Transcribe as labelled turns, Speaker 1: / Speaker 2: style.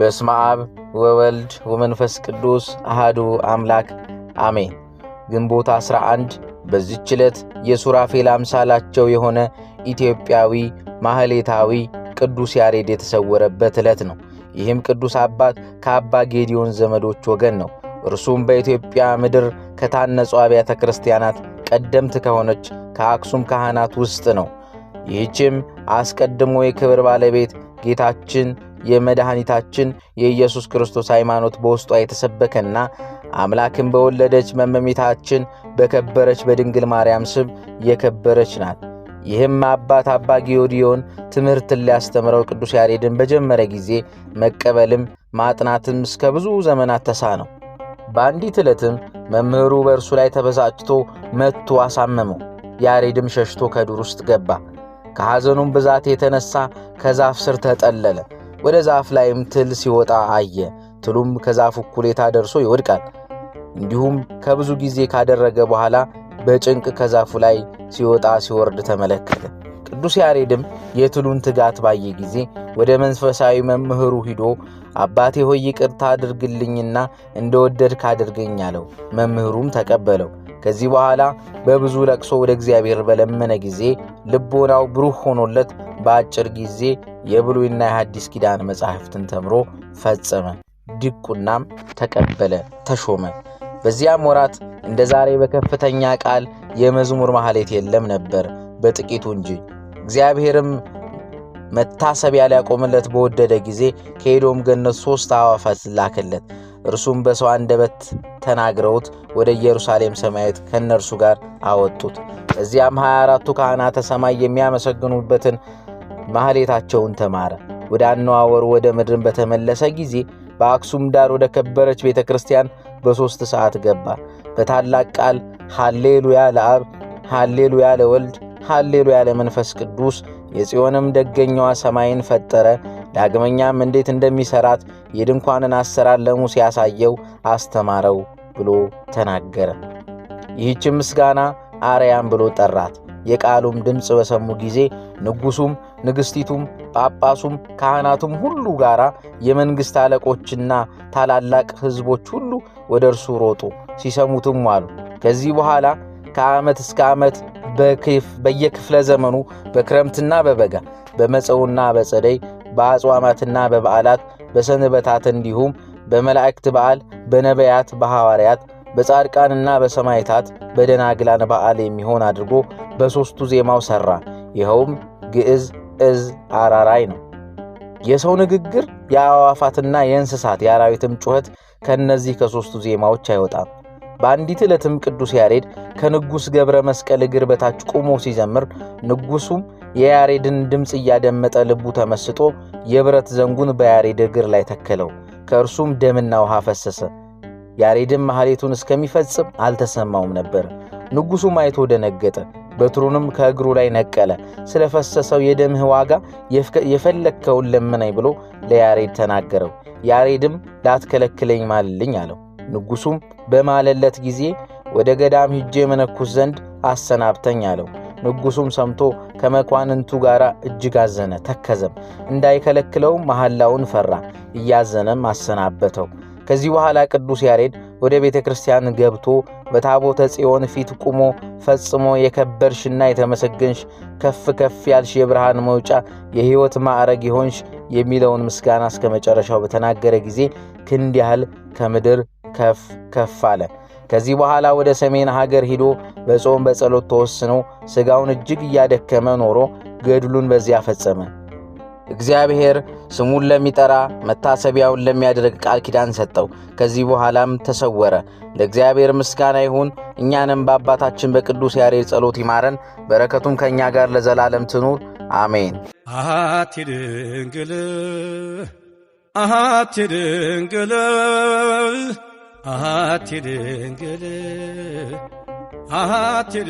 Speaker 1: በስመ አብ ወወልድ ወመንፈስ ቅዱስ አህዱ አምላክ አሜን። ግንቦት 11 በዚች ዕለት የሱራፌል አምሳላቸው የሆነ ኢትዮጵያዊ ማህሌታዊ ቅዱስ ያሬድ የተሰወረበት ዕለት ነው። ይህም ቅዱስ አባት ከአባ ጌዲዮን ዘመዶች ወገን ነው። እርሱም በኢትዮጵያ ምድር ከታነጹ አብያተ ክርስቲያናት ቀደምት ከሆነች ከአክሱም ካህናት ውስጥ ነው። ይህችም አስቀድሞ የክብር ባለቤት ጌታችን የመድኃኒታችን የኢየሱስ ክርስቶስ ሃይማኖት በውስጧ የተሰበከና አምላክን በወለደች መመሚታችን በከበረች በድንግል ማርያም ስም የከበረች ናት። ይህም አባት አባ ጊዮዲዮን ትምህርትን ሊያስተምረው ቅዱስ ያሬድን በጀመረ ጊዜ መቀበልም ማጥናትም እስከ ብዙ ዘመናት ተሳ ነው። በአንዲት ዕለትም መምህሩ በእርሱ ላይ ተበሳጭቶ መጥቶ አሳመመው። ያሬድም ሸሽቶ ከዱር ውስጥ ገባ። ከሐዘኑም ብዛት የተነሳ ከዛፍ ስር ተጠለለ። ወደ ዛፍ ላይም ትል ሲወጣ አየ። ትሉም ከዛፍ እኩሌታ ደርሶ ይወድቃል። እንዲሁም ከብዙ ጊዜ ካደረገ በኋላ በጭንቅ ከዛፉ ላይ ሲወጣ ሲወርድ ተመለከተ። ቅዱስ ያሬድም የትሉን ትጋት ባየ ጊዜ ወደ መንፈሳዊ መምህሩ ሂዶ አባቴ ሆይ ይቅርታ አድርግልኝና እንደ ወደድክ አድርገኝ አለው። መምህሩም ተቀበለው። ከዚህ በኋላ በብዙ ለቅሶ ወደ እግዚአብሔር በለመነ ጊዜ ልቦናው ብሩህ ሆኖለት በአጭር ጊዜ የብሉይና የሐዲስ ኪዳን መጻሕፍትን ተምሮ ፈጸመ። ድቁናም ተቀበለ፣ ተሾመ። በዚያም ወራት እንደ ዛሬ በከፍተኛ ቃል የመዝሙር ማህሌት የለም ነበር፣ በጥቂቱ እንጂ። እግዚአብሔርም መታሰቢያ ሊያቆምለት በወደደ ጊዜ ከኤዶም ገነት ሦስት አዋፋት ላከለት። እርሱም በሰው አንደበት ተናግረውት ወደ ኢየሩሳሌም ሰማያዊት ከእነርሱ ጋር አወጡት። እዚያም 24ቱ ካህናተ ሰማይ የሚያመሰግኑበትን ማህሌታቸውን ተማረ። ወደ አነዋወሩ ወደ ምድርን በተመለሰ ጊዜ በአክሱም ዳር ወደ ከበረች ቤተ ክርስቲያን በሦስት ሰዓት ገባ። በታላቅ ቃል ሃሌሉያ ለአብ፣ ሃሌሉያ ለወልድ፣ ሃሌሉያ ለመንፈስ ቅዱስ የጽዮንም ደገኛዋ ሰማይን ፈጠረ። ዳግመኛም እንዴት እንደሚሠራት የድንኳንን አሰራር ለሙሴ ያሳየው አስተማረው ብሎ ተናገረ። ይህችን ምስጋና አርያም ብሎ ጠራት። የቃሉም ድምፅ በሰሙ ጊዜ ንጉሡም፣ ንግሥቲቱም፣ ጳጳሱም ካህናቱም ሁሉ ጋር የመንግሥት አለቆችና ታላላቅ ሕዝቦች ሁሉ ወደ እርሱ ሮጡ፣ ሲሰሙትም አሉ። ከዚህ በኋላ ከዓመት እስከ ዓመት በየክፍለ ዘመኑ በክረምትና በበጋ በመፀውና በጸደይ በአጽዋማትና በበዓላት በሰንበታት እንዲሁም በመላእክት በዓል በነቢያት በሐዋርያት በጻድቃንና በሰማይታት በደናግላን በዓል የሚሆን አድርጎ በሦስቱ ዜማው ሠራ። ይኸውም ግዕዝ፣ እዝ፣ አራራይ ነው። የሰው ንግግር፣ የአዕዋፋትና የእንስሳት የአራዊትም ጩኸት ከእነዚህ ከሦስቱ ዜማዎች አይወጣም። በአንዲት ዕለትም ቅዱስ ያሬድ ከንጉሥ ገብረ መስቀል እግር በታች ቆሞ ሲዘምር ንጉሡም የያሬድን ድምፅ እያደመጠ ልቡ ተመስጦ የብረት ዘንጉን በያሬድ እግር ላይ ተከለው። ከእርሱም ደምና ውሃ ፈሰሰ። ያሬድን ማህሌቱን እስከሚፈጽም አልተሰማውም ነበር። ንጉሡም አይቶ ደነገጠ። በትሩንም ከእግሩ ላይ ነቀለ። ስለፈሰሰው የደምህ ዋጋ የፈለግከውን ለምነኝ ብሎ ለያሬድ ተናገረው። ያሬድም ላትከለክለኝ ማልልኝ አለው። ንጉሡም በማለለት ጊዜ ወደ ገዳም ሂጄ መነኩስ ዘንድ አሰናብተኝ አለው። ንጉሡም ሰምቶ ከመኳንንቱ ጋር እጅግ አዘነ፣ ተከዘም። እንዳይከለክለውም መሐላውን ፈራ፣ እያዘነም አሰናበተው። ከዚህ በኋላ ቅዱስ ያሬድ ወደ ቤተ ክርስቲያን ገብቶ በታቦተ ጽዮን ፊት ቁሞ ፈጽሞ የከበርሽና የተመሰገንሽ ከፍ ከፍ ያልሽ የብርሃን መውጫ የሕይወት ማዕረግ ይሆንሽ የሚለውን ምስጋና እስከ መጨረሻው በተናገረ ጊዜ ክንድ ያህል ከምድር ከፍ ከፍ አለ። ከዚህ በኋላ ወደ ሰሜን ሀገር ሂዶ በጾም በጸሎት ተወስኖ ሥጋውን እጅግ እያደከመ ኖሮ ገድሉን በዚያ ፈጸመ። እግዚአብሔር ስሙን ለሚጠራ መታሰቢያውን ለሚያደርግ ቃል ኪዳን ሰጠው። ከዚህ በኋላም ተሰወረ። ለእግዚአብሔር ምስጋና ይሁን። እኛንም በአባታችን በቅዱስ ያሬድ ጸሎት ይማረን፣ በረከቱም ከእኛ ጋር ለዘላለም ትኑር አሜን። አሐቲ